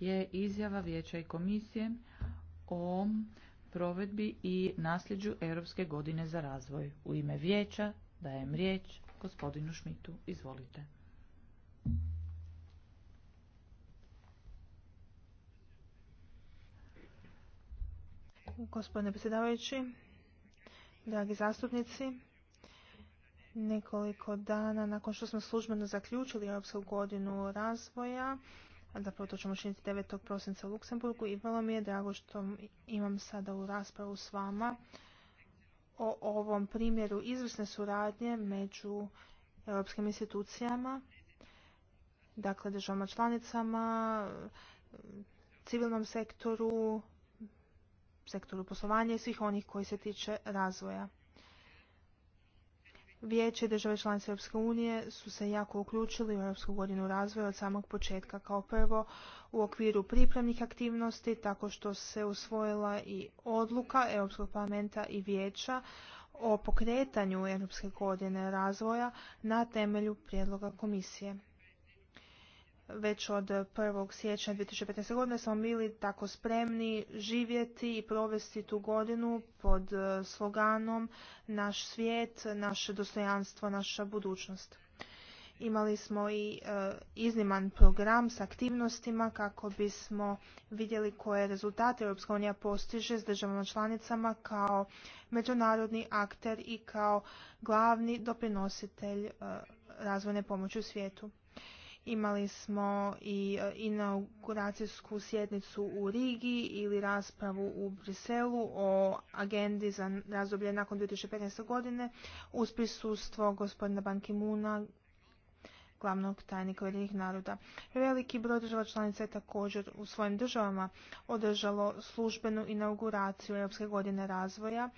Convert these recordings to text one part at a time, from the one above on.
je izjava Vijeća i komisije o provedbi i nasljeđu Europske godine za razvoj. U ime Vijeća dajem riječ gospodinu Šmitu. Izvolite. Gospodine predsjedavajući, dragi zastupnici, nekoliko dana nakon što smo službeno zaključili Europsku godinu razvoja, Zapravo to ćemo činiti 9. prosinca u Luksemburgu i vrlo mi je drago što imam sada u raspravu s vama o ovom primjeru izvrsne suradnje među europskim institucijama, dakle državama članicama, civilnom sektoru, sektoru poslovanja i svih onih koji se tiče razvoja. Vijeće države članice Europske unije su se jako uključili u Europsku godinu razvoja od samog početka kao prvo u okviru pripremnih aktivnosti tako što se usvojila i odluka Europskog parlamenta i Vijeća o pokretanju Europske godine razvoja na temelju prijedloga komisije već od 1. siječnja 2015. godine smo bili tako spremni živjeti i provesti tu godinu pod e, sloganom Naš svijet, naše dostojanstvo, naša budućnost. Imali smo i e, izniman program s aktivnostima kako bismo vidjeli koje rezultate Europska unija postiže s državama članicama kao međunarodni akter i kao glavni doprinositelj e, razvojne pomoći u svijetu. Imali smo i e, inauguracijsku sjednicu u Rigi ili raspravu u Briselu o agendi za razdoblje nakon 2015. godine uz prisustvo gospodina Banki Muna, glavnog tajnika Ujedinih naroda. Veliki broj država članica je također u svojim državama održalo službenu inauguraciju Europske godine razvoja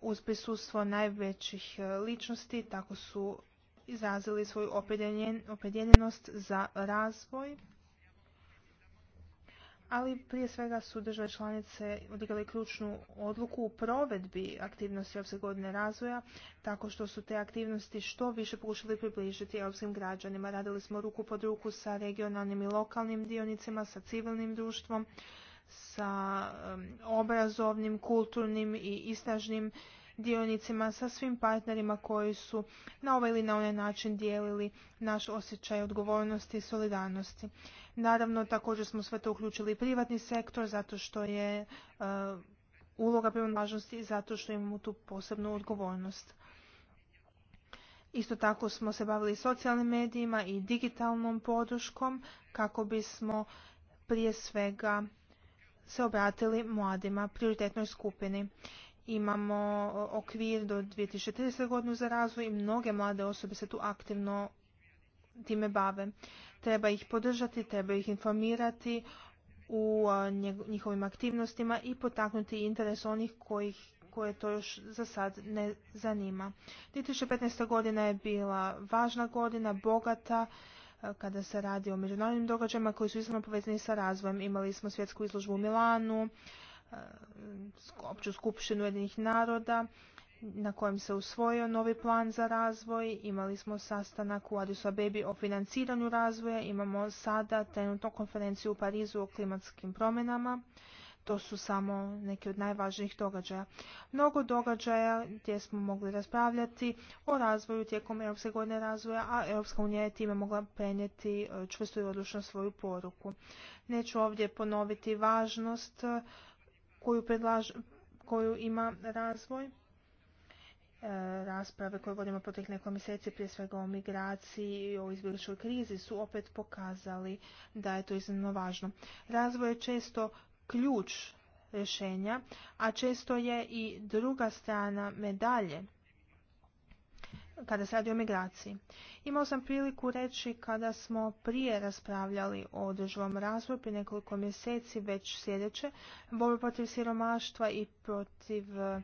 uz prisustvo najvećih e, ličnosti, tako su izrazili svoju opredjeljenost za razvoj, ali prije svega su države članice odigrali ključnu odluku u provedbi aktivnosti Europske godine razvoja, tako što su te aktivnosti što više pokušali približiti europskim građanima. Radili smo ruku pod ruku sa regionalnim i lokalnim dionicima, sa civilnim društvom, sa obrazovnim, kulturnim i istražnim dionicima, sa svim partnerima koji su na ovaj ili na onaj način dijelili naš osjećaj odgovornosti i solidarnosti. Naravno, također smo sve to uključili i privatni sektor, zato što je e, uloga prvom važnosti i zato što imamo tu posebnu odgovornost. Isto tako smo se bavili socijalnim medijima i digitalnom podrškom kako bismo prije svega se obratili mladima prioritetnoj skupini imamo e, okvir do 2030. godinu za razvoj i mnoge mlade osobe se tu aktivno time bave. Treba ih podržati, treba ih informirati u e, njihovim aktivnostima i potaknuti interes onih kojih koje to još za sad ne zanima. 2015. godina je bila važna godina, bogata, e, kada se radi o međunarodnim događajima koji su izravno povezani sa razvojem. Imali smo svjetsku izložbu u Milanu, E, opću skupštinu jedinih naroda na kojem se usvojio novi plan za razvoj. Imali smo sastanak u Addis Abebi o financiranju razvoja. Imamo sada trenutno konferenciju u Parizu o klimatskim promjenama. To su samo neki od najvažnijih događaja. Mnogo događaja gdje smo mogli raspravljati o razvoju tijekom Europske godine razvoja, a Europska unija je time mogla prenijeti e, čvrsto i odlučno svoju poruku. Neću ovdje ponoviti važnost koju, koju ima razvoj. E, rasprave koje vodimo tih nekoliko mjeseci, prije svega o migraciji i o izbjegličkoj krizi, su opet pokazali da je to iznimno važno. Razvoj je često ključ rješenja, a često je i druga strana medalje kada se radi o migraciji. Imao sam priliku reći kada smo prije raspravljali o održivom razvoju prije nekoliko mjeseci već sljedeće, borbu protiv siromaštva i protiv e,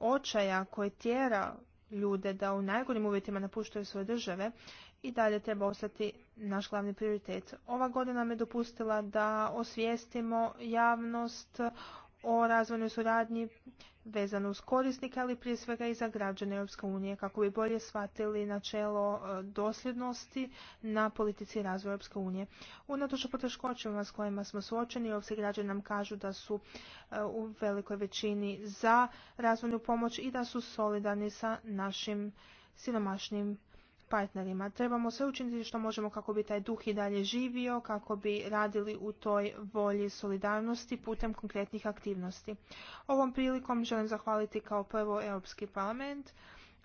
očaja koje tjera ljude da u najgorim uvjetima napuštaju svoje države i dalje treba ostati naš glavni prioritet. Ova godina me dopustila da osvijestimo javnost o razvojnoj suradnji vezano uz korisnike, ali prije svega i za građane Europske unije, kako bi bolje shvatili načelo e, dosljednosti na politici razvoja Europske unije. Unatoč poteškoćama s kojima smo suočeni, ovdje građani nam kažu da su e, u velikoj većini za razvojnu pomoć i da su solidarni sa našim siromašnim partnerima. Trebamo sve učiniti što možemo kako bi taj duh i dalje živio, kako bi radili u toj volji solidarnosti putem konkretnih aktivnosti. Ovom prilikom želim zahvaliti kao prvo Europski parlament,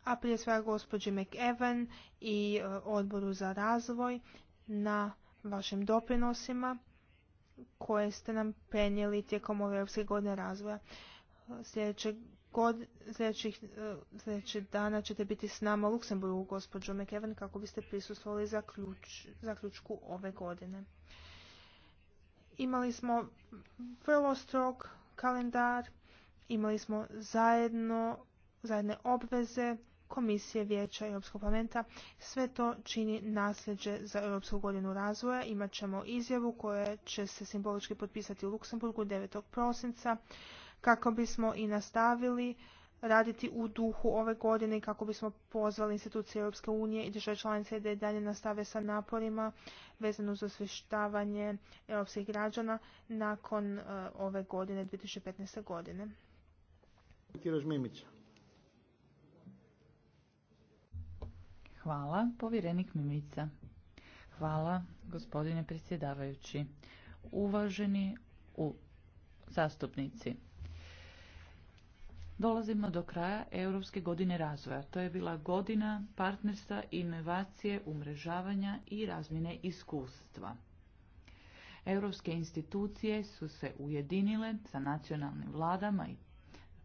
a prije svega gospođi McEwen i e, odboru za razvoj na vašim doprinosima koje ste nam prenijeli tijekom ove Europske godine razvoja. Sljedećeg kod sljedećih, e, dana ćete biti s nama u Luksemburgu, gospođo McEvan, kako biste prisustvovali za zaključku ove godine. Imali smo vrlo strog kalendar, imali smo zajedno, zajedne obveze, Komisije Vijeća Europskog parlamenta. Sve to čini nasljeđe za Europsku godinu razvoja. Imat ćemo izjavu koja će se simbolički potpisati u Luksemburgu 9. prosinca kako bismo i nastavili raditi u duhu ove godine kako bismo pozvali institucije Europske unije i države članice da i dalje nastave sa naporima vezano za osvještavanje europskih građana nakon e, ove godine 2015. godine. Hvala, povjerenik Mimica. Hvala, gospodine predsjedavajući. Uvaženi zastupnici. Dolazimo do kraja Europske godine razvoja. To je bila godina partnerstva, inovacije, umrežavanja i razmjene iskustva. Europske institucije su se ujedinile sa nacionalnim vladama i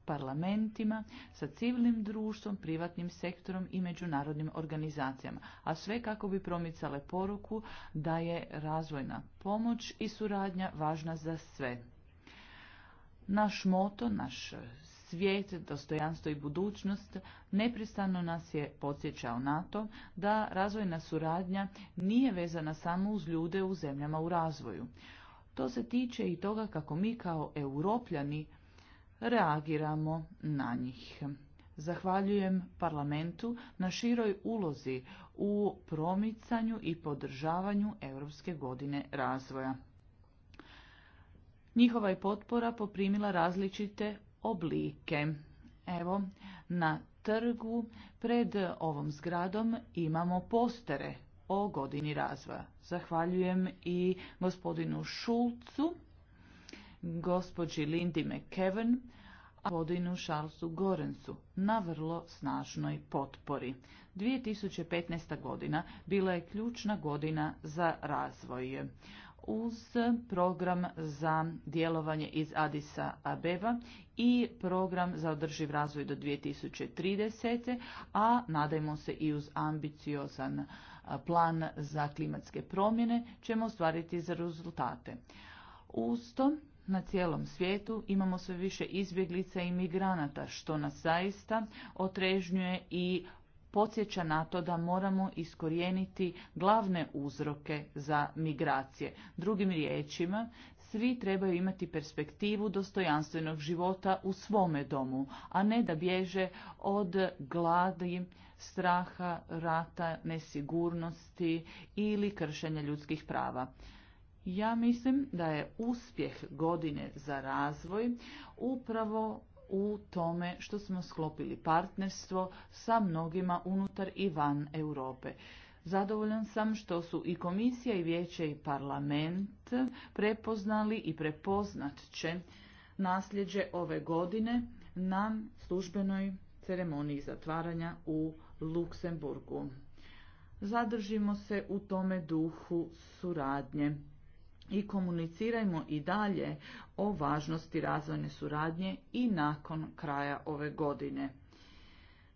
parlamentima, sa civilnim društvom, privatnim sektorom i međunarodnim organizacijama, a sve kako bi promicale poruku da je razvojna pomoć i suradnja važna za sve. Naš moto, naš svijet, dostojanstvo i budućnost nepristano nas je podsjećao na to da razvojna suradnja nije vezana samo uz ljude u zemljama u razvoju. To se tiče i toga kako mi kao europljani reagiramo na njih. Zahvaljujem parlamentu na široj ulozi u promicanju i podržavanju Europske godine razvoja. Njihova je potpora poprimila različite oblike. Evo, na trgu pred ovom zgradom imamo postere o godini razvoja. Zahvaljujem i gospodinu Šulcu, gospođi Lindy McKevin, a gospodinu Charlesu Gorensu na vrlo snažnoj potpori. 2015. godina bila je ključna godina za razvoj uz program za djelovanje iz Adisa Abeba i program za održiv razvoj do 2030. a nadajmo se i uz ambiciozan plan za klimatske promjene ćemo ostvariti za rezultate. Uz to na cijelom svijetu imamo sve više izbjeglica i migranata što nas zaista otrežnjuje i podsjeća na to da moramo iskorijeniti glavne uzroke za migracije. Drugim riječima, svi trebaju imati perspektivu dostojanstvenog života u svome domu, a ne da bježe od gladi, straha, rata, nesigurnosti ili kršenja ljudskih prava. Ja mislim da je uspjeh godine za razvoj upravo u tome što smo sklopili partnerstvo sa mnogima unutar i van Europe. Zadovoljan sam što su i komisija i vijeće i parlament prepoznali i prepoznat će nasljeđe ove godine na službenoj ceremoniji zatvaranja u Luksemburgu. Zadržimo se u tome duhu suradnje i komunicirajmo i dalje o važnosti razvojne suradnje i nakon kraja ove godine.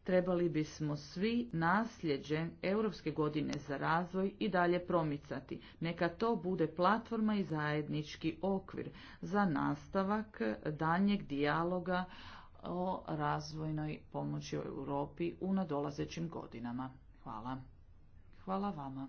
Trebali bismo svi nasljeđe Europske godine za razvoj i dalje promicati. Neka to bude platforma i zajednički okvir za nastavak daljnjeg dijaloga o razvojnoj pomoći u Europi u nadolazećim godinama. Hvala. Hvala vama.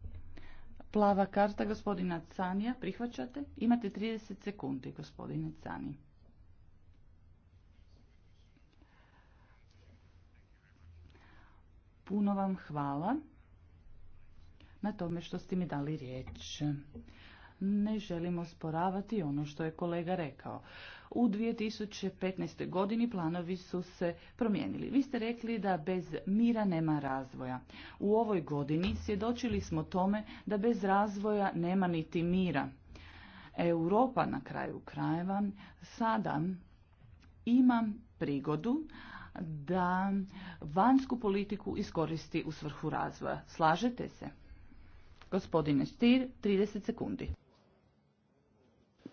Plava karta gospodina Canija, prihvaćate? Imate 30 sekundi, gospodine Cani. Puno vam hvala na tome što ste mi dali riječ. Ne želimo sporavati ono što je kolega rekao. U 2015. godini planovi su se promijenili. Vi ste rekli da bez mira nema razvoja. U ovoj godini svjedočili smo tome da bez razvoja nema niti mira. Europa na kraju krajeva sada ima prigodu da vanjsku politiku iskoristi u svrhu razvoja. Slažete se? Gospodine Stier, 30 sekundi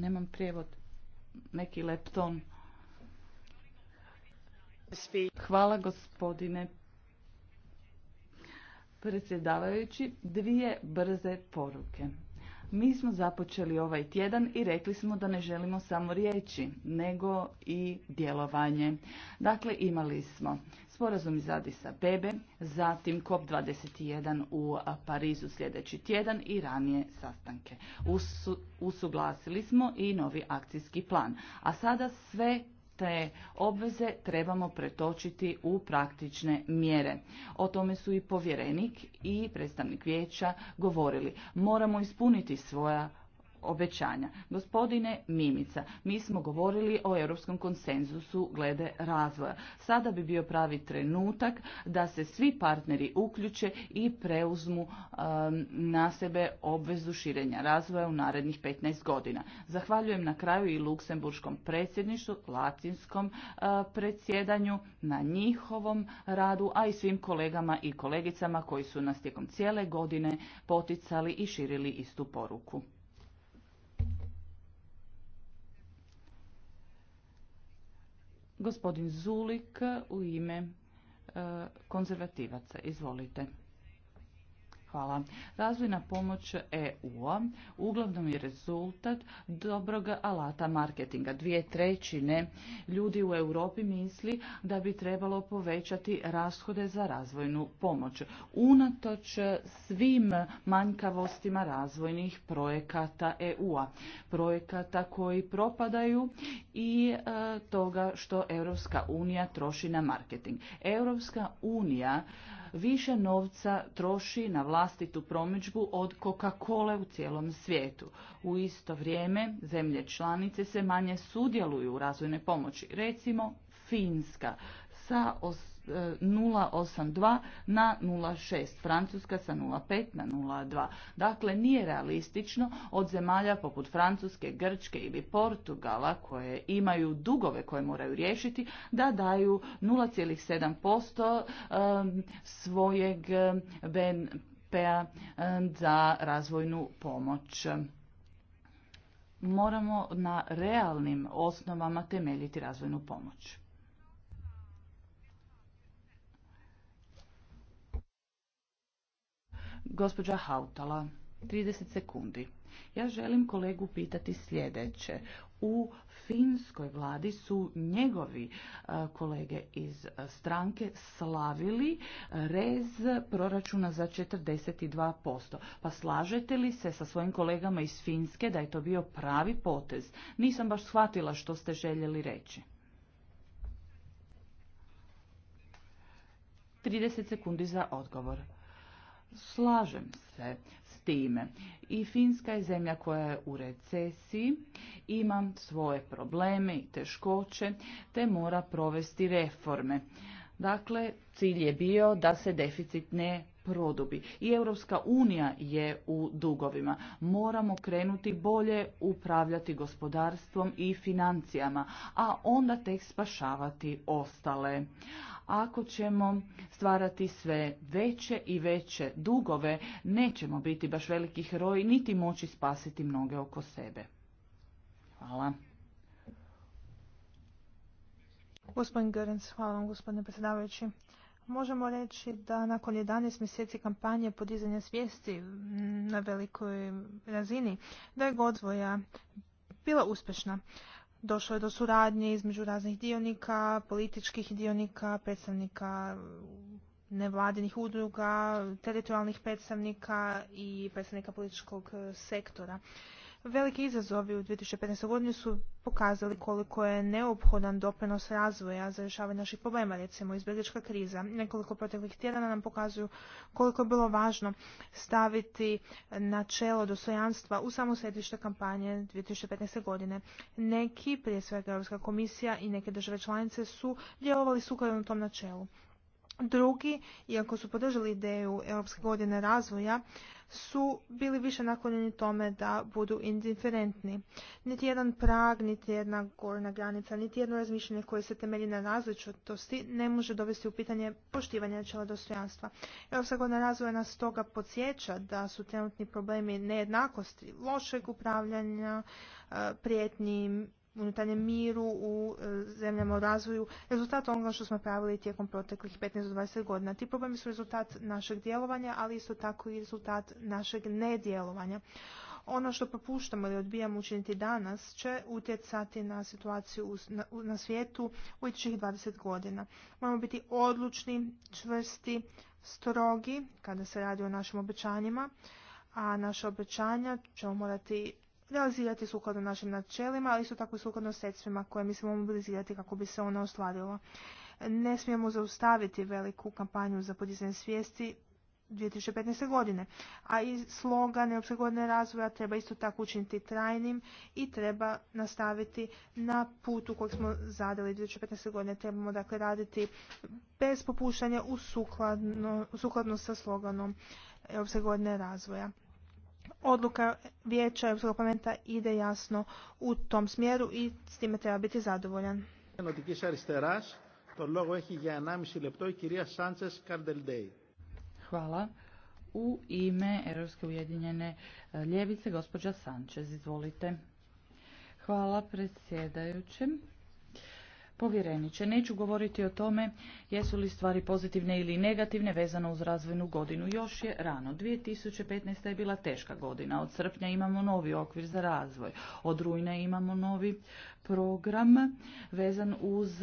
Nemam prijevod. Neki lepton. Hvala gospodine predsjedavajući. Dvije brze poruke. Mi smo započeli ovaj tjedan i rekli smo da ne želimo samo riječi, nego i djelovanje. Dakle, imali smo sporazum iz Adisa Bebe, zatim COP21 u Parizu sljedeći tjedan i ranije sastanke. usuglasili smo i novi akcijski plan. A sada sve te obveze trebamo pretočiti u praktične mjere. O tome su i povjerenik i predstavnik vijeća govorili. Moramo ispuniti svoja obećanja. Gospodine Mimica, mi smo govorili o europskom konsenzusu glede razvoja. Sada bi bio pravi trenutak da se svi partneri uključe i preuzmu um, na sebe obvezu širenja razvoja u narednih 15 godina. Zahvaljujem na kraju i Luksemburškom predsjedništvu, latinskom uh, predsjedanju, na njihovom radu, a i svim kolegama i kolegicama koji su nas tijekom cijele godine poticali i širili istu poruku. Gospodin Zulik u ime e, konzervativaca. Izvolite. Hvala. Razvojna pomoć EU-a uglavnom je rezultat dobrog alata marketinga. Dvije trećine ljudi u Europi misli da bi trebalo povećati rashode za razvojnu pomoć. Unatoč svim manjkavostima razvojnih projekata EU-a. Projekata koji propadaju i e, toga što Europska unija troši na marketing. Europska unija više novca troši na vlastitu promidžbu od Coca-Cola u cijelom svijetu. U isto vrijeme zemlje članice se manje sudjeluju u razvojne pomoći. Recimo Finska sa 0,82 e, na 0,6, Francuska sa 0,5 na 0,2. Dakle, nije realistično od zemalja poput Francuske, Grčke ili Portugala koje imaju dugove koje moraju riješiti da daju 0,7% e, svojeg e, BNP-a za razvojnu pomoć moramo na realnim osnovama temeljiti razvojnu pomoć. Gospođa Hautala, 30 sekundi. Ja želim kolegu pitati sljedeće. U finskoj vladi su njegovi e, kolege iz e, stranke slavili e, rez proračuna za 42%. Pa slažete li se sa svojim kolegama iz Finske da je to bio pravi potez? Nisam baš shvatila što ste željeli reći. 30 sekundi za odgovor. Slažem se s time. I Finska je zemlja koja je u recesiji, ima svoje probleme i teškoće, te mora provesti reforme. Dakle, cilj je bio da se deficit ne produbi. I Europska unija je u dugovima. Moramo krenuti bolje upravljati gospodarstvom i financijama, a onda tek spašavati ostale. Ako ćemo stvarati sve veće i veće dugove, nećemo biti baš veliki heroji, niti moći spasiti mnoge oko sebe. Hvala. Gospodin Görens, hvala vam gospodine predsjedavajući. Možemo reći da nakon 11 mjeseci kampanje podizanja svijesti na velikoj razini, da je Godvoja bila uspješna došlo je do suradnje između raznih dionika, političkih dionika, predstavnika nevladinih udruga, teritorijalnih predstavnika i predstavnika političkog sektora. Veliki izazovi u 2015. godini su pokazali koliko je neophodan doprinos razvoja za rješavanje naših problema, recimo izbjeglička kriza. Nekoliko proteklih tjedana nam pokazuju koliko je bilo važno staviti načelo dostojanstva u samo središte kampanje 2015. godine. Neki, prije svega Europska komisija i neke države članice su djelovali sukladno tom načelu. Drugi, iako su podržali ideju Europske godine razvoja, su bili više naklonjeni tome da budu indiferentni. Niti jedan prag, niti jedna gorna granica, niti jedno razmišljenje koje se temelji na različitosti ne može dovesti u pitanje poštivanja načela dostojanstva. Europska godina razvoja nas toga podsjeća da su trenutni problemi nejednakosti, lošeg upravljanja, e, prijetnji unutarnjem miru u e, zemljama u razvoju rezultat onoga što smo pravili tijekom proteklih 15 do 20 godina. Ti problemi su rezultat našeg djelovanja, ali isto tako i rezultat našeg nedjelovanja. Ono što propuštamo ili odbijamo učiniti danas će utjecati na situaciju na svijetu u idućih 20 godina. Moramo biti odlučni, čvrsti, strogi kada se radi o našim obećanjima, a naša obećanja ćemo morati realizirati sukladno našim načelima, ali isto tako i sukladno sredstvima koje mislimo mobilizirati kako bi se ona ostvarilo. Ne smijemo zaustaviti veliku kampanju za podizanje svijesti 2015. godine, a i slogan Europske godine razvoja treba isto tako učiniti trajnim i treba nastaviti na putu kojeg smo zadali 2015. godine. Trebamo dakle raditi bez popuštanja u sukladno, sa sloganom Europske godine razvoja odluka vijeća Europskog parlamenta ide jasno u tom smjeru i s time treba biti zadovoljan. Hvala. U ime Europske ujedinjene ljevice, gospođa Sanchez, izvolite. Hvala predsjedajućem. Povjereniče, neću govoriti o tome jesu li stvari pozitivne ili negativne vezano uz razvojnu godinu. Još je rano. 2015. je bila teška godina. Od srpnja imamo novi okvir za razvoj. Od rujna imamo novi program vezan uz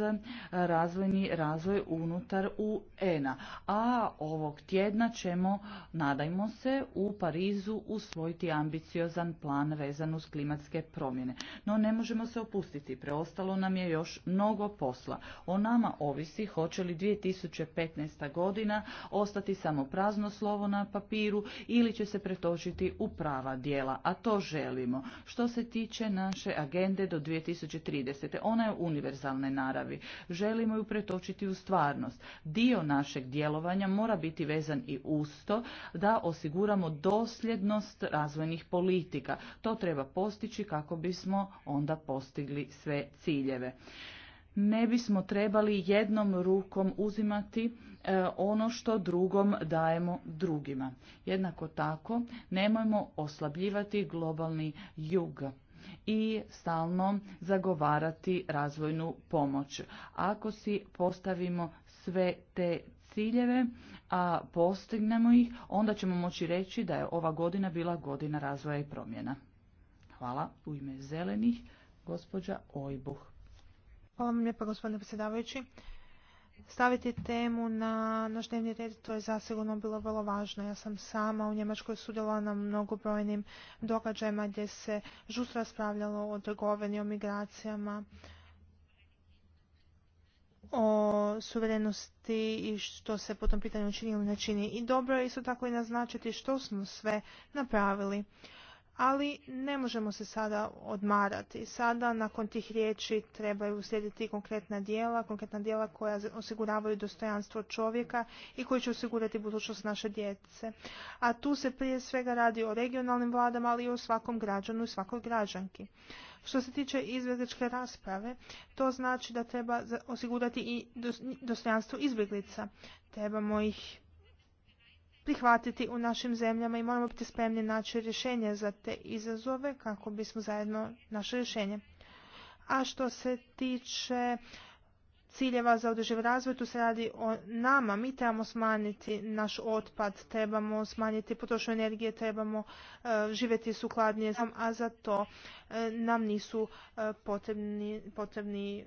razvojni razvoj unutar UN-a. A ovog tjedna ćemo, nadajmo se, u Parizu usvojiti ambiciozan plan vezan uz klimatske promjene. No ne možemo se opustiti. Preostalo nam je još mnogo posla. O nama ovisi hoće li 2015. godina ostati samo prazno slovo na papiru ili će se pretočiti u prava dijela, a to želimo. Što se tiče naše agende do 2030. Ona je univerzalne naravi. Želimo ju pretočiti u stvarnost. Dio našeg djelovanja mora biti vezan i usto da osiguramo dosljednost razvojnih politika. To treba postići kako bismo onda postigli sve ciljeve ne bismo trebali jednom rukom uzimati e, ono što drugom dajemo drugima. Jednako tako nemojmo oslabljivati globalni jug i stalno zagovarati razvojnu pomoć. Ako si postavimo sve te ciljeve, a postignemo ih, onda ćemo moći reći da je ova godina bila godina razvoja i promjena. Hvala u ime zelenih, gospođa Ojbuh. Hvala vam lijepa gospodine predsjedavajući. Staviti temu na naš dnevni red, to je zasigurno bilo vrlo važno. Ja sam sama u Njemačkoj sudjela na mnogobrojnim događajima gdje se žustro raspravljalo o trgovini, o migracijama, o suverenosti i što se po tom pitanju čini ili ne čini. I dobro je isto tako i naznačiti što smo sve napravili ali ne možemo se sada odmarati. Sada nakon tih riječi trebaju uslijediti konkretna dijela, konkretna dijela koja osiguravaju dostojanstvo čovjeka i koji će osigurati budućnost naše djece. A tu se prije svega radi o regionalnim vladama, ali i o svakom građanu i svakoj građanki. Što se tiče izbjegličke rasprave, to znači da treba osigurati i dostojanstvo izbjeglica. Trebamo ih prihvatiti u našim zemljama i moramo biti spremni naći rješenje za te izazove kako bismo zajedno naše rješenje. A što se tiče ciljeva za održiv razvoj, tu se radi o nama. Mi trebamo smanjiti naš otpad, trebamo smanjiti potrošnju energije, trebamo e, živjeti sukladnije, a za to e, nam nisu e, potrebni, potrebni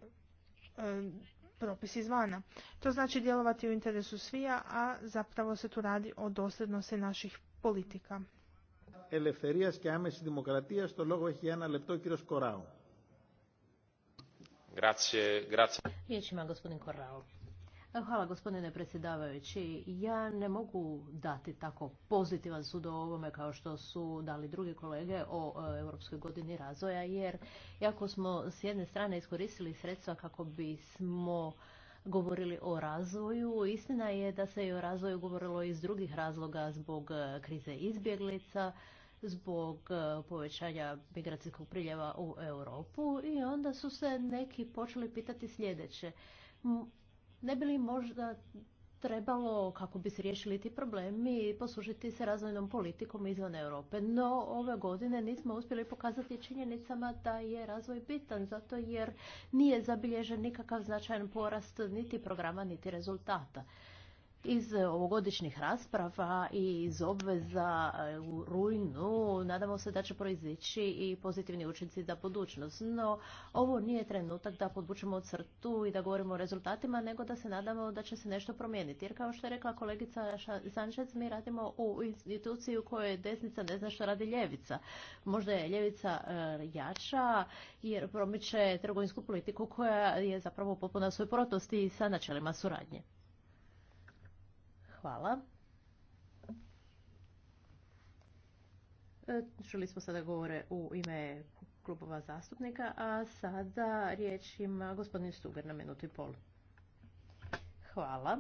propis izvana. To znači djelovati u interesu svija, a zapravo se tu radi o dosljednosti naših politika. Ελευθερίας και άμεση δημοκρατίας, το λόγο έχει ένα λεπτό ο κύριος Κοράου. Grazie, grazie. Riječ ima gospodin Korao. Hvala gospodine predsjedavajući. Ja ne mogu dati tako pozitivan sud o ovome kao što su dali drugi kolege o e, Europskoj godini razvoja jer jako smo s jedne strane iskoristili sredstva kako bismo govorili o razvoju. Istina je da se i o razvoju govorilo iz drugih razloga zbog e, krize izbjeglica, zbog e, povećanja migracijskog priljeva u Europu i onda su se neki počeli pitati sljedeće ne bi li možda trebalo, kako bi se riješili ti problemi, poslužiti se razvojnom politikom izvan Europe. No, ove godine nismo uspjeli pokazati činjenicama da je razvoj bitan, zato jer nije zabilježen nikakav značajan porast niti programa, niti rezultata iz e, ovogodišnjih rasprava i iz obveza e, u rujnu nadamo se da će proizići i pozitivni učinci za budućnost. No, ovo nije trenutak da podvučemo crtu i da govorimo o rezultatima, nego da se nadamo da će se nešto promijeniti. Jer kao što je rekla kolegica Sanchez, mi radimo u instituciji u kojoj desnica ne zna što radi ljevica. Možda je ljevica e, jača jer promiče trgovinsku politiku koja je zapravo popuna i sa načelima suradnje. Hvala. E, čuli smo sada govore u ime klubova zastupnika, a sada riječ ima gospodin Stugar na minutu i pol. Hvala.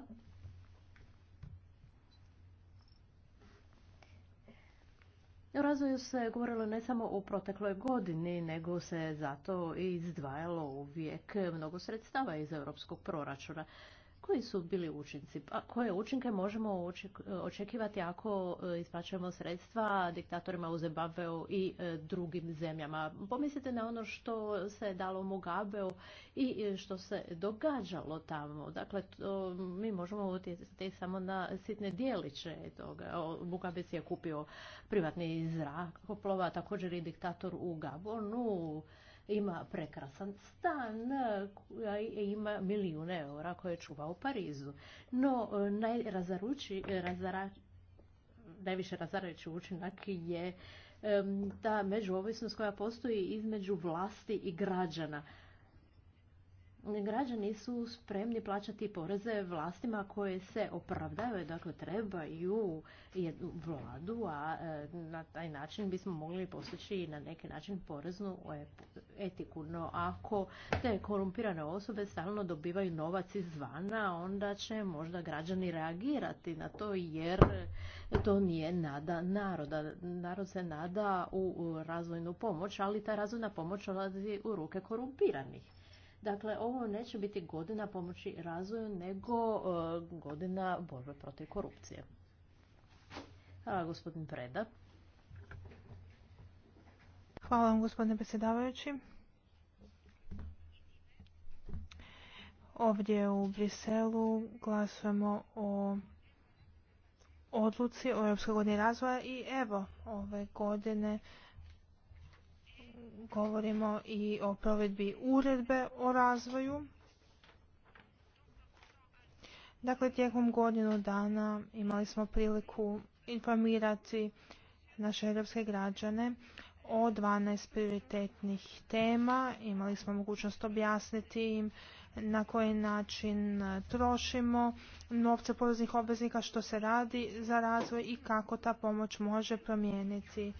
U razvoju se govorilo ne samo u protekloj godini, nego se zato izdvajalo uvijek mnogo sredstava iz europskog proračuna. Koji su bili učinci? Pa koje učinke možemo očekivati ako e, isplaćujemo sredstva diktatorima u Zimbabveu i e, drugim zemljama? Pomislite na ono što se dalo Mugabeu i e, što se događalo tamo. Dakle, to, mi možemo utjecati samo na sitne dijeliće toga. Mugabe je kupio privatni zrak poplova, također i diktator u Gabonu ima prekrasan stan, e, e, ima milijune eura koje čuva u Parizu. No, e, najrazarući, najviše razarajući učinak je ta međuovisnost koja postoji između vlasti i građana građani su spremni plaćati poreze vlastima koje se opravdaju, dakle trebaju jednu vladu, a e, na taj način bismo mogli postići na neki način poreznu etiku. No ako te korumpirane osobe stalno dobivaju novac izvana, onda će možda građani reagirati na to jer to nije nada naroda. Narod se nada u razvojnu pomoć, ali ta razvojna pomoć odlazi u ruke korumpiranih. Dakle, ovo neće biti godina pomoći razvoju, nego e, godina borbe protiv korupcije. Hvala, gospodin Preda. Hvala vam, gospodine predsjedavajući. Ovdje u Briselu glasujemo o odluci o Europskoj godini razvoja i evo ove godine govorimo i o provedbi uredbe o razvoju. Dakle, tijekom godinu dana imali smo priliku informirati naše europske građane o 12 prioritetnih tema. Imali smo mogućnost objasniti im na koji način trošimo novce poreznih obveznika, što se radi za razvoj i kako ta pomoć može promijeniti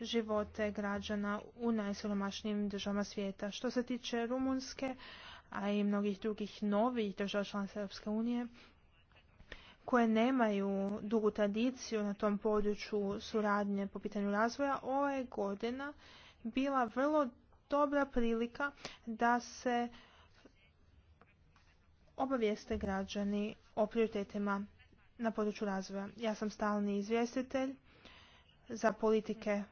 živote građana u najsiromašnijim državama svijeta. Što se tiče Rumunske, a i mnogih drugih novih država članica Europske unije, koje nemaju dugu tradiciju na tom području suradnje po pitanju razvoja, ova je godina bila vrlo dobra prilika da se obavijeste građani o prioritetima na području razvoja. Ja sam stalni izvjestitelj za politike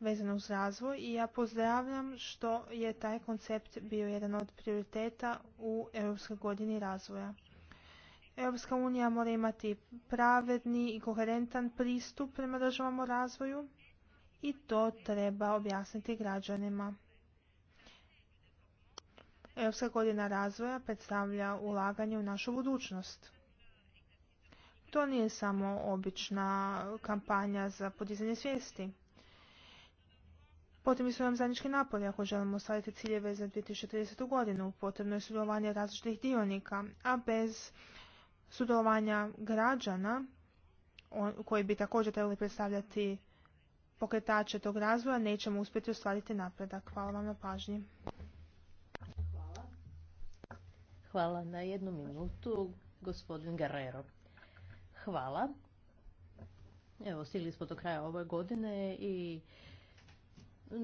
vezano uz razvoj i ja pozdravljam što je taj koncept bio jedan od prioriteta u Europskoj godini razvoja. Europska unija mora imati pravedni i koherentan pristup prema državama razvoju i to treba objasniti građanima. Europska godina razvoja predstavlja ulaganje u našu budućnost. To nije samo obična kampanja za podizanje svijesti. Potrebni su nam zajednički napori ako želimo ostaviti ciljeve za 2030. godinu. Potrebno je sudjelovanje različitih dionika, a bez sudjelovanja građana koji bi također trebali predstavljati pokretače tog razvoja nećemo uspjeti ostvariti napredak. Hvala vam na pažnji. Hvala. Hvala na jednu minutu, gospodin Guerrero. Hvala. Evo, stigli smo do kraja ove godine i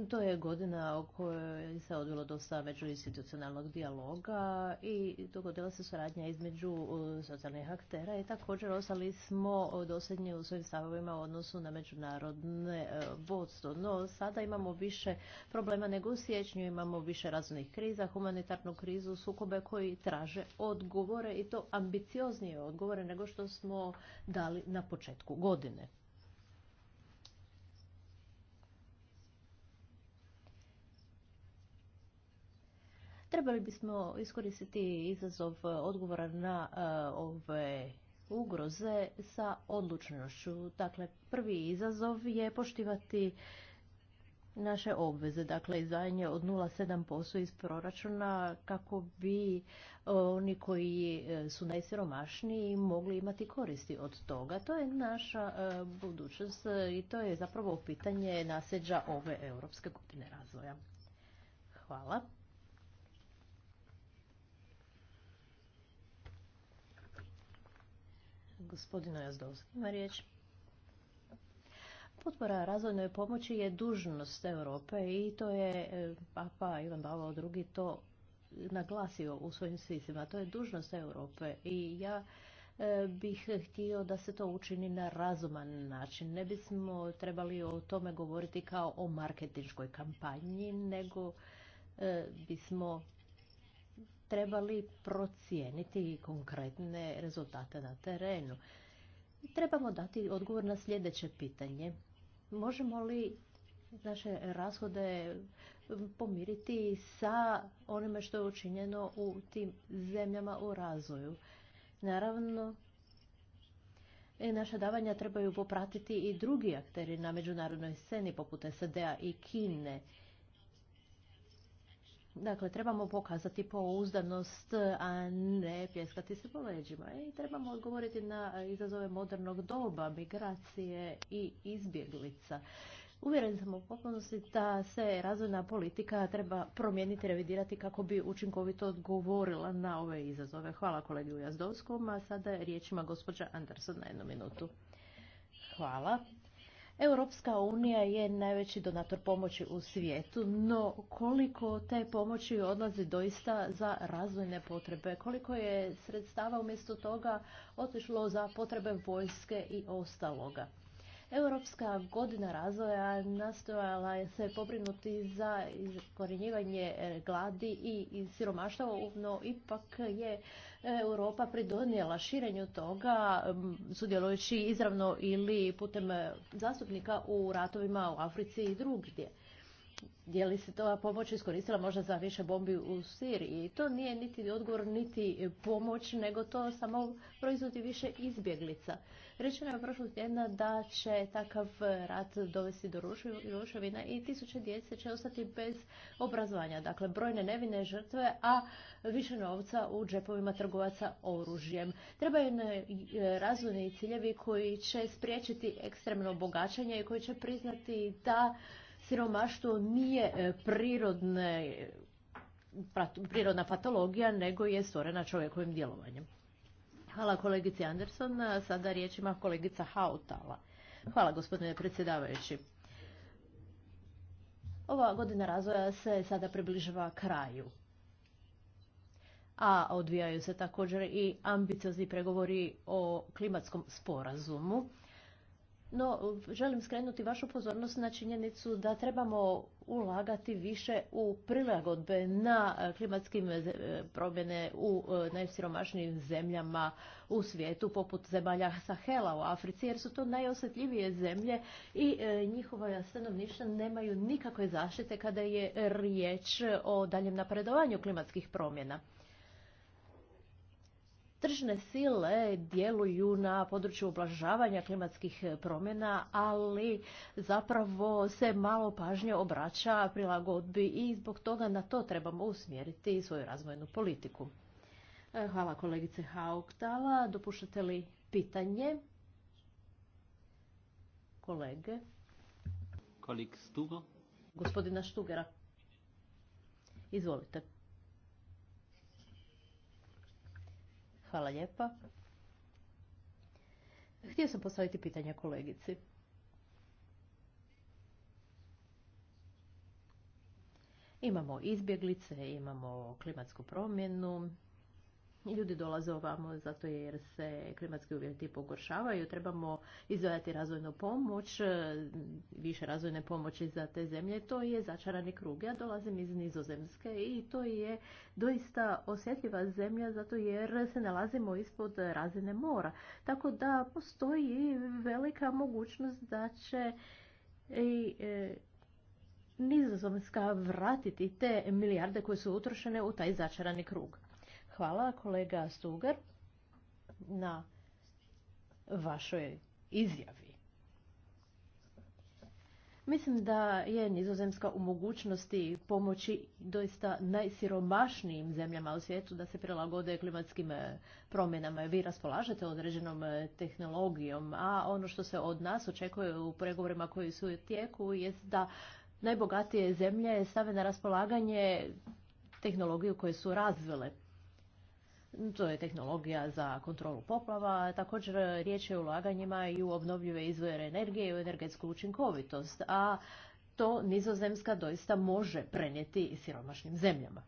to je godina u kojoj se odvilo dosta međuinstitucionalnog dijaloga i dogodila se suradnja između uh, socijalnih aktera i također ostali smo dosljednji u svojim stavovima u odnosu na međunarodne uh, vodstvo. No sada imamo više problema nego u siječnju, imamo više raznih kriza, humanitarnu krizu, sukobe koji traže odgovore i to ambicioznije odgovore nego što smo dali na početku godine. Trebali bismo iskoristiti izazov eh, odgovora na eh, ove ugroze sa odlučnošću. Dakle, prvi izazov je poštivati naše obveze, dakle izdajanje od 0,7% iz proračuna kako bi eh, oni koji su najsiromašniji mogli imati koristi od toga. To je naša budućnost i to je zapravo pitanje naseđa ove Europske godine razvoja. Hvala. Gospodina Jazdovski ima riječ. Potpora razvojnoj pomoći je dužnost Europe i to je e, Papa Ivan Bavao II to naglasio u svojim svisima. To je dužnost Europe i ja e, bih htio da se to učini na razuman način. Ne bismo trebali o tome govoriti kao o marketinškoj kampanji, nego e, bismo trebali procijeniti konkretne rezultate na terenu. Trebamo dati odgovor na sljedeće pitanje. Možemo li naše rashode pomiriti sa onime što je učinjeno u tim zemljama u razvoju? Naravno, e, naša davanja trebaju popratiti i drugi akteri na međunarodnoj sceni poput SAD-a i Kine. Dakle, trebamo pokazati pouzdanost, a ne pjeskati se po leđima. I trebamo odgovoriti na izazove modernog doba, migracije i izbjeglica. Uvjeren sam u potpunosti da se razvojna politika treba promijeniti, revidirati kako bi učinkovito odgovorila na ove izazove. Hvala kolegi Ujazdovskom, a sada riječima gospođa Anderson na jednu minutu. Hvala. Europska unija je najveći donator pomoći u svijetu, no koliko te pomoći odlazi doista za razvojne potrebe? Koliko je sredstava umjesto toga otišlo za potrebe vojske i ostaloga? Europska godina razvoja nastojala je se pobrinuti za iskorjenjivanje gladi i siromaštva, no ipak je Europa pridonijela širenju toga, sudjelujući izravno ili putem zastupnika u ratovima u Africi i drugdje je li se ta pomoć iskoristila možda za više bombi u Siriji. To nije niti odgovor, niti pomoć, nego to samo proizvodi više izbjeglica. Rečeno je prošlog tjedna da će takav rat dovesti do ruševina i tisuće djece će ostati bez obrazovanja. Dakle, brojne nevine žrtve, a više novca u džepovima trgovaca oružjem. Trebaju razvojni ciljevi koji će spriječiti ekstremno bogaćenje i koji će priznati da siromaštvo nije e, prirodna patologija, nego je stvorena čovjekovim djelovanjem. Hvala kolegici Anderson. Sada riječ ima kolegica Hautala. Hvala gospodine predsjedavajući. Ova godina razvoja se sada približava kraju. A odvijaju se također i ambiciozni pregovori o klimatskom sporazumu no, želim skrenuti vašu pozornost na činjenicu da trebamo ulagati više u prilagodbe na e, klimatskim e, promjene u e, najsiromašnijim zemljama u svijetu, poput zemalja Sahela u Africi, jer su to najosjetljivije zemlje i njihova stanovništva nemaju nikakve zaštite kada je riječ o daljem napredovanju klimatskih promjena tržne sile djeluju na području ublažavanja klimatskih promjena, ali zapravo se malo pažnje obraća prilagodbi i zbog toga na to trebamo usmjeriti svoju razvojnu politiku. E, hvala kolegice Hauktala. Dopuštate li pitanje? Kolege. Kolik Stugo? Gospodina Štugera. Izvolite. Hvala lijepa. Htio sam postaviti pitanje kolegici. Imamo izbjeglice, imamo klimatsku promjenu, Ljudi dolaze ovamo zato jer se klimatski uvjeti pogoršavaju. Trebamo izdvajati razvojnu pomoć, više razvojne pomoći za te zemlje. To je začarani krug. Ja dolazim iz Nizozemske i to je doista osjetljiva zemlja zato jer se nalazimo ispod razine mora. Tako da postoji velika mogućnost da će i e, Nizozemska vratiti te milijarde koje su utrošene u taj začarani krug. Hvala kolega Stugar na vašoj izjavi. Mislim da je nizozemska u mogućnosti pomoći doista najsiromašnijim zemljama u svijetu da se prilagode klimatskim eh, promjenama. Vi raspolažete određenom eh, tehnologijom, a ono što se od nas očekuje u pregovorima koji su u tijeku je da najbogatije zemlje stave na raspolaganje tehnologiju koje su razvile. To je tehnologija za kontrolu poplava, također riječ je o ulaganjima i u obnovljive izvore energije i u energetsku učinkovitost, a to nizozemska doista može prenijeti siromašnim zemljama.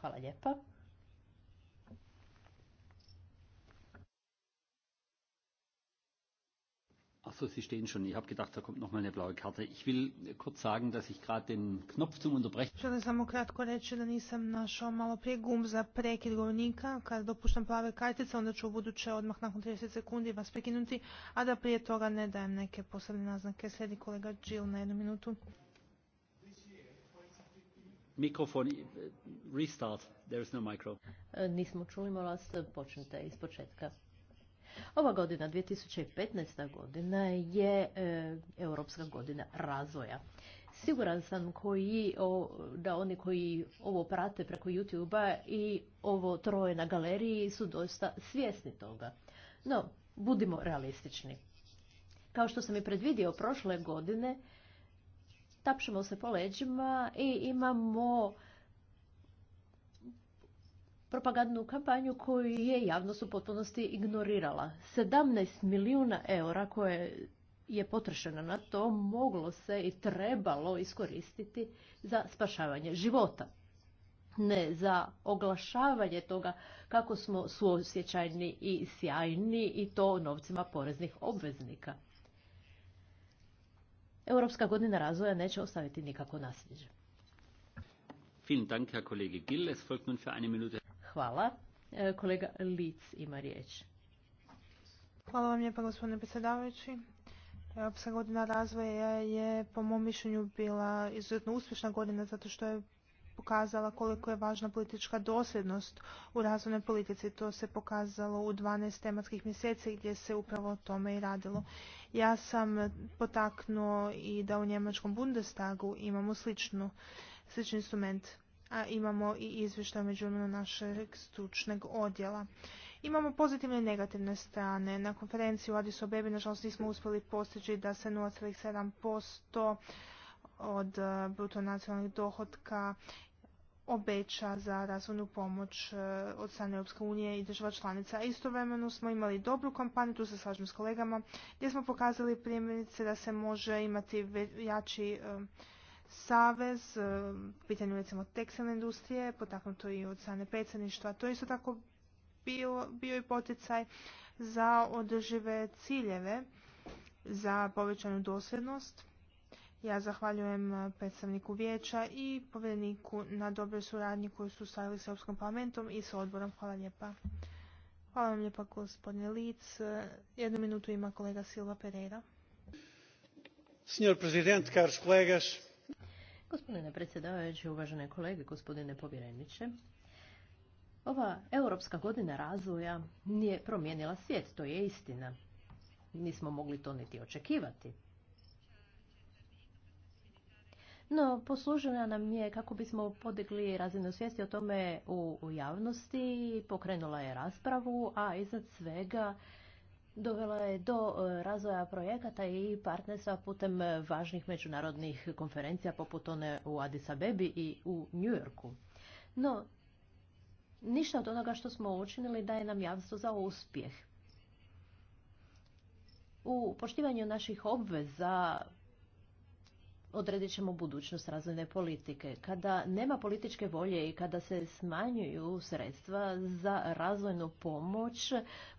Hvala lijepa. Achso, Sie stehen schon. Ich habe gedacht, da kommt noch mal eine blaue Karte. Ich will kurz sagen, dass ich gerade den Knopf zum Unterbrechen... Želim samo kratko reći da nisam našao malo prije gum za prekid govornika. Kad dopuštam plave kartice, onda ću u buduće odmah nakon 30 sekundi vas prekinuti, a da prije toga ne dajem neke posebne naznake. Slijedi kolega Jill na jednu minutu. Mikrofon, eh, restart. There is no micro. E, nismo čuli, molim vas, počnete iz početka. Ova godina, 2015. godina, je e, Europska godina razvoja. Siguran sam koji, da oni koji ovo prate preko YouTube-a i ovo troje na galeriji su dosta svjesni toga. No, budimo realistični. Kao što sam i predvidio prošle godine, tapšemo se po leđima i imamo propagandnu kampanju koju je javnost u potpunosti ignorirala. 17 milijuna eura koje je potrošeno na to moglo se i trebalo iskoristiti za spašavanje života. Ne za oglašavanje toga kako smo suosjećajni i sjajni i to novcima poreznih obveznika. Europska godina razvoja neće ostaviti nikako nasljeđe. Vielen Dank, Herr Kollege für eine Minute Hvala. E, kolega Lic ima riječ. Hvala vam lijepa gospodine predsjedavajući. Europska godina razvoja je po mom mišljenju bila izuzetno uspješna godina zato što je pokazala koliko je važna politička dosljednost u razvojnoj politici. To se pokazalo u 12 tematskih mjeseci gdje se upravo o tome i radilo. Ja sam potaknuo i da u Njemačkom Bundestagu imamo sličnu, slični instrument a imamo i izvještaj međuvremenu našeg stručnog odjela. Imamo pozitivne i negativne strane. Na konferenciji u Addis Bebi, nažalost nismo uspjeli postići da se 0,7% od e, bruto nacionalnih dohotka obeća za razvojnu pomoć e, od strane Europske unije i država članica. Istovremeno smo imali dobru kampanju, tu se slažem s kolegama, gdje smo pokazali primjerice da se može imati jači e, savez, e, pitanju recimo tekstilne industrije, potaknuto i od strane predsjedništva. To je isto tako bio, bio i poticaj za održive ciljeve, za povećanu dosljednost. Ja zahvaljujem predstavniku vijeća i povjereniku na dobroj suradnji koju su stavili s Europskom parlamentom i s odborom. Hvala lijepa. Hvala vam lijepa gospodine Lic. Jednu minutu ima kolega Silva Pereira. Senhor Presidente, caros colegas, Gospodine predsjedavajući, uvažene kolege, gospodine povjereniče, ova Europska godina razvoja nije promijenila svijet, to je istina. Nismo mogli to niti očekivati. No, poslužena nam je kako bismo podigli razinu svijesti o tome u, u javnosti, pokrenula je raspravu, a iznad svega dovela je do e, razvoja projekata i partnerstva putem e, važnih međunarodnih konferencija poput one u Addis Abebi i u Yorku. No, ništa od onoga što smo učinili daje nam javstvo za uspjeh. U poštivanju naših obveza odredit ćemo budućnost razvojne politike. Kada nema političke volje i kada se smanjuju sredstva za razvojnu pomoć,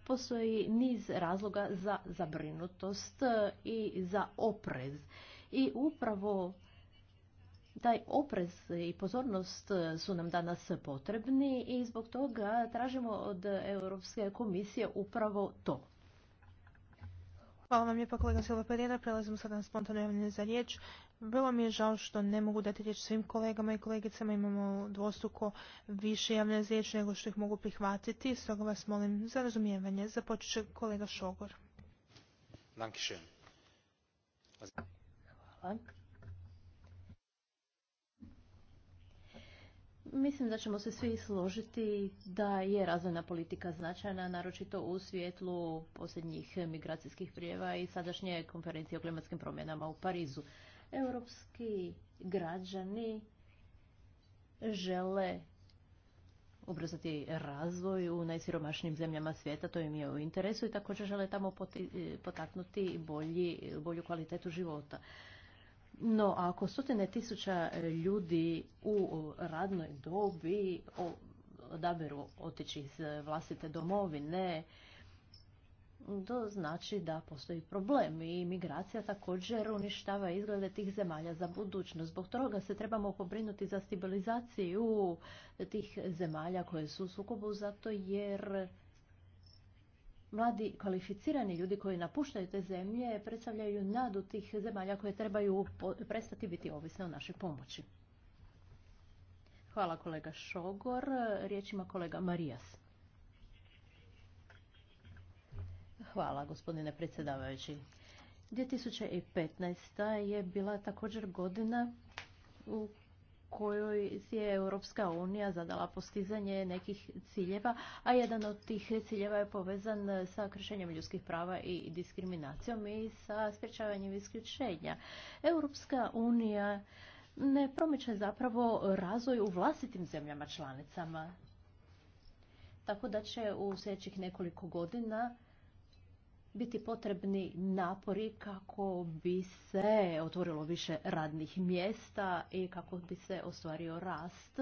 postoji niz razloga za zabrinutost i za oprez. I upravo taj oprez i pozornost su nam danas potrebni i zbog toga tražimo od Europske komisije upravo to. Hvala vam lijepa kolega Silva Perina. Prelazimo sada na spontano javljanje za riječ. Vrlo mi je žao što ne mogu dati riječ svim kolegama i kolegicama, imamo dvostruko više javne riječi nego što ih mogu prihvatiti, stoga vas molim za razumijevanje. Započet će kolega Šogor. Mislim da ćemo se svi složiti da je razvojna politika značajna, naročito u svijetlu posljednjih migracijskih prijeva i sadašnje konferencije o klimatskim promjenama u Parizu europski građani žele ubrzati razvoj u najsiromašnijim zemljama svijeta, to im je u interesu i također žele tamo e, potaknuti bolji, bolju kvalitetu života. No, ako stotine tisuća ljudi u radnoj dobi odaberu otići iz vlastite domovine, to znači da postoji problem i migracija također uništava izglede tih zemalja za budućnost. Zbog toga se trebamo pobrinuti za stabilizaciju tih zemalja koje su u sukobu zato jer mladi kvalificirani ljudi koji napuštaju te zemlje predstavljaju nadu tih zemalja koje trebaju prestati biti ovisne o našoj pomoći. Hvala kolega Šogor. Riječ ima kolega Marijas. Hvala, gospodine predsjedavajući. 2015. je bila također godina u kojoj je Europska unija zadala postizanje nekih ciljeva, a jedan od tih ciljeva je povezan sa kršenjem ljudskih prava i diskriminacijom i sa sprječavanjem isključenja. Europska unija ne promiče zapravo razvoj u vlastitim zemljama članicama. Tako da će u sljedećih nekoliko godina biti potrebni napori kako bi se otvorilo više radnih mjesta i kako bi se ostvario rast.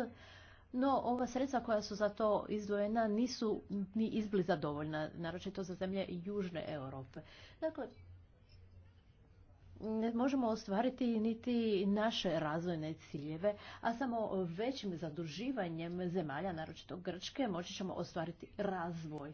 No, ova sredstva koja su za to izdvojena nisu ni izbliza dovoljna, naročito za zemlje Južne Europe. Dakle, ne možemo ostvariti niti naše razvojne ciljeve, a samo većim zaduživanjem zemalja, naročito Grčke, moći ćemo ostvariti razvoj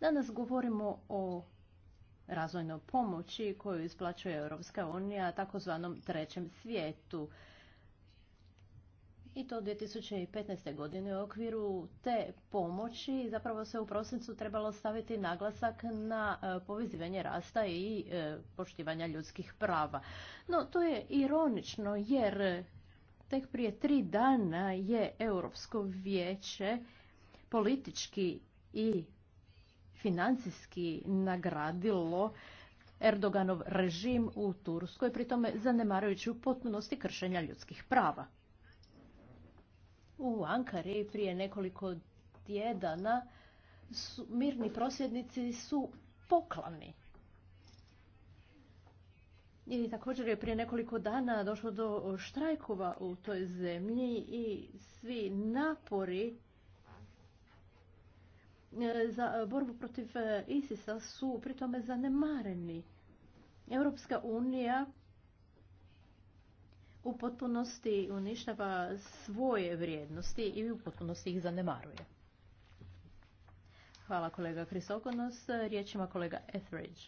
Danas govorimo o razvojnoj pomoći koju isplaćuje Europska unija takozvanom trećem svijetu. I to 2015. godine u okviru te pomoći zapravo se u prosincu trebalo staviti naglasak na e, povezivanje rasta i e, poštivanja ljudskih prava. No to je ironično jer tek prije tri dana je Europsko vijeće politički i financijski nagradilo Erdoganov režim u Turskoj, pritome zanemarajući u potpunosti kršenja ljudskih prava. U Ankari prije nekoliko tjedana su, mirni prosvjednici su poklani. I također je prije nekoliko dana došlo do štrajkova u toj zemlji i svi napori E, za e, borbu protiv e, ISIS-a su pritome zanemareni. Europska unija u potpunosti uništava svoje vrijednosti i u potpunosti ih zanemaruje. Hvala kolega Krisokonos. Riječ ima kolega Etheridge.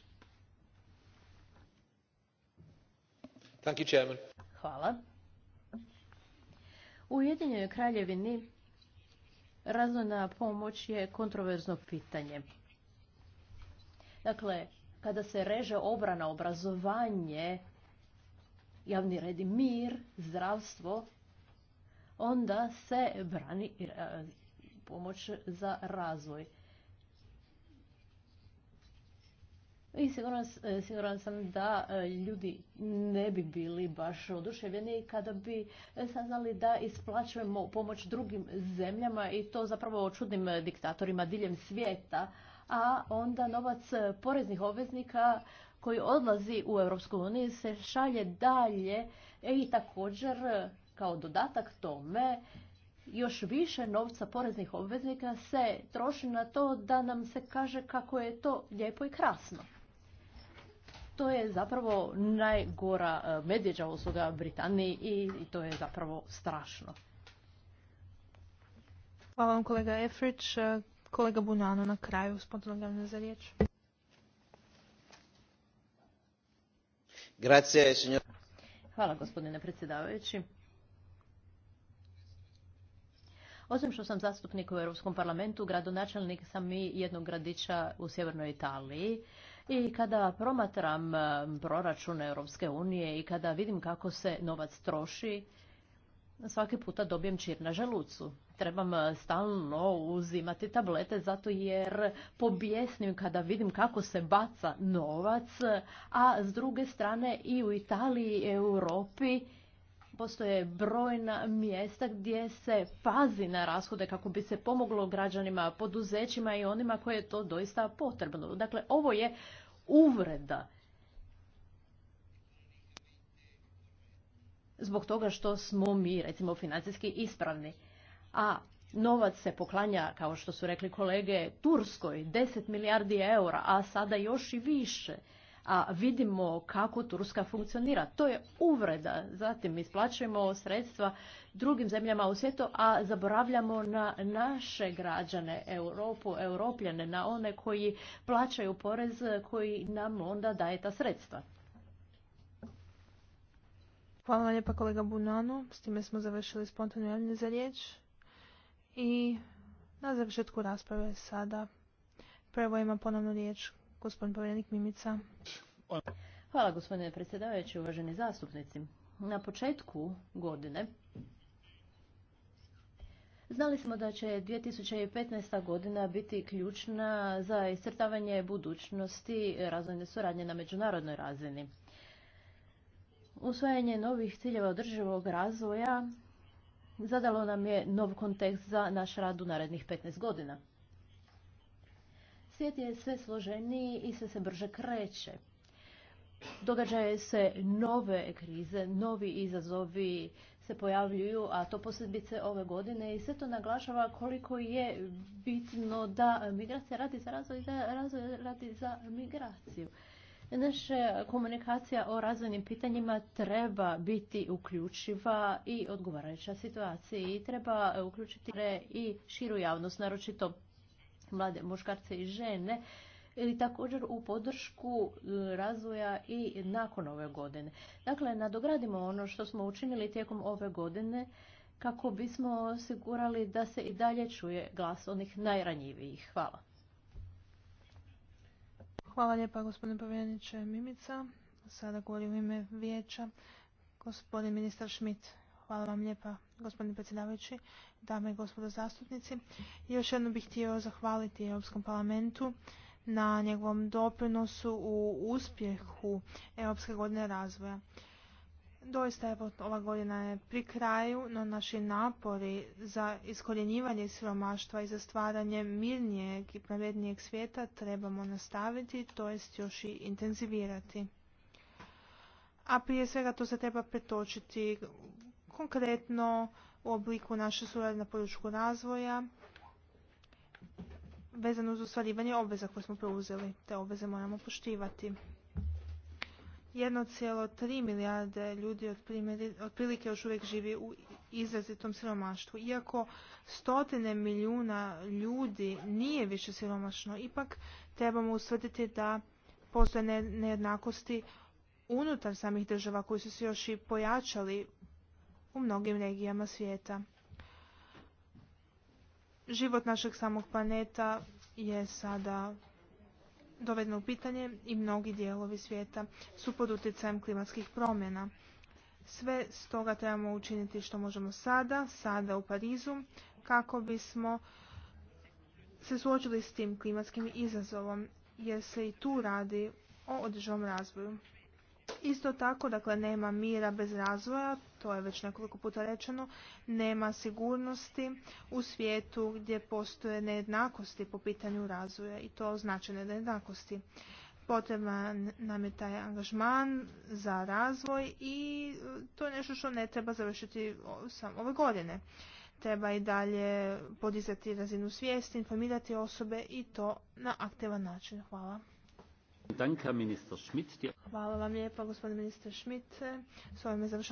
Hvala. U Ujedinjenoj kraljevini razvojna pomoć je kontroverzno pitanje. Dakle, kada se reže obrana, obrazovanje, javni red i mir, zdravstvo, onda se brani e, pomoć za razvoj. I e, siguran, sam da e, ljudi ne bi bili baš oduševljeni kada bi e, saznali da isplaćujemo pomoć drugim zemljama i to zapravo čudnim diktatorima diljem svijeta, a onda novac poreznih obveznika koji odlazi u Europsku uniju se šalje dalje i također kao dodatak tome još više novca poreznih obveznika se troši na to da nam se kaže kako je to lijepo i krasno to je zapravo najgora e, medvjeđa usluga Britaniji i to je zapravo strašno. Hvala vam kolega Efrić. E, kolega Bunano na kraju, za riječ. Hvala gospodine predsjedavajući. Osim što sam zastupnik u Europskom parlamentu, gradonačelnik sam i jednog gradića u sjevernoj Italiji. I kada promatram eh, proračun Europske unije i kada vidim kako se novac troši, svaki puta dobijem čir na želucu. Trebam eh, stalno uzimati tablete zato jer pobjesnim kada vidim kako se baca novac, a s druge strane i u Italiji i Europi Postoje brojna mjesta gdje se pazi na rashode kako bi se pomoglo građanima, poduzećima i onima koje je to doista potrebno. Dakle, ovo je uvreda. Zbog toga što smo mi, recimo, financijski ispravni. A novac se poklanja, kao što su rekli kolege, Turskoj 10 milijardi eura, a sada još i više a vidimo kako Turska funkcionira. To je uvreda. Zatim isplaćujemo sredstva drugim zemljama u svijetu, a zaboravljamo na naše građane, Europu, europljane, na one koji plaćaju porez koji nam onda daje ta sredstva. Hvala vam lijepa kolega Bunanu S time smo završili spontanu javljanje za riječ. I na završetku rasprave sada prvo ima ponovno riječ Gospodin povjerenik Mimica. Hvala gospodine predsjedavajući, uvaženi zastupnici. Na početku godine Znali smo da će 2015. godina biti ključna za iscrtavanje budućnosti razvojne suradnje na međunarodnoj razini. Usvajanje novih ciljeva održivog razvoja zadalo nam je nov kontekst za naš rad u narednih 15 godina. Svijet je sve složeniji i sve se brže kreće. Događaju se nove krize, novi izazovi se pojavljuju, a to posljedice ove godine i sve to naglašava koliko je bitno da migracija radi za razvoj da razvoj radi za migraciju. Naša komunikacija o razvojnim pitanjima treba biti uključiva i odgovarajuća situacija. i treba uključiti i širu javnost, naročito mlade muškarce i žene ili također u podršku e, razvoja i nakon ove godine. Dakle, nadogradimo ono što smo učinili tijekom ove godine kako bismo osigurali da se i dalje čuje glas onih najranjivijih. Hvala. Hvala lijepa gospodine povjereniče Mimica. Sada govorim ime vijeća. Gospodin ministar Šmit, hvala vam lijepa gospodine predsjedavajući, dame i gospodo zastupnici. Još jednom bih htio zahvaliti Europskom parlamentu na njegovom doprinosu u uspjehu Europske godine razvoja. Doista je ova godina je pri kraju, no naši napori za iskorjenjivanje siromaštva i za stvaranje mirnijeg i pravednijeg svijeta trebamo nastaviti, to jest još i intenzivirati. A prije svega to se treba pretočiti konkretno u obliku naše suradnje na području razvoja vezano uz ostvarivanje obveza koje smo preuzeli. Te obveze moramo poštivati. 1,3 milijarde ljudi otprilike još uvijek živi u izrazitom siromaštvu. Iako stotine milijuna ljudi nije više siromašno, ipak trebamo ustvrditi da postoje nejednakosti unutar samih država koji su se još i pojačali u mnogim regijama svijeta. Život našeg samog planeta je sada dovedno u pitanje i mnogi dijelovi svijeta su pod utjecajem klimatskih promjena. Sve stoga trebamo učiniti što možemo sada, sada u Parizu, kako bismo se suočili s tim klimatskim izazovom, jer se i tu radi o održivom razvoju. Isto tako, dakle, nema mira bez razvoja, to je već nekoliko puta rečeno, nema sigurnosti u svijetu gdje postoje nejednakosti po pitanju razvoja i to značajne nejednakosti. Potreban nam je taj angažman za razvoj i e, to je nešto što ne treba završiti samo ove godine. Treba i dalje podizati razinu svijesti, informirati osobe i to na aktivan način. Hvala. Hvala vam lijepa, gospodine ministre Schmidt. S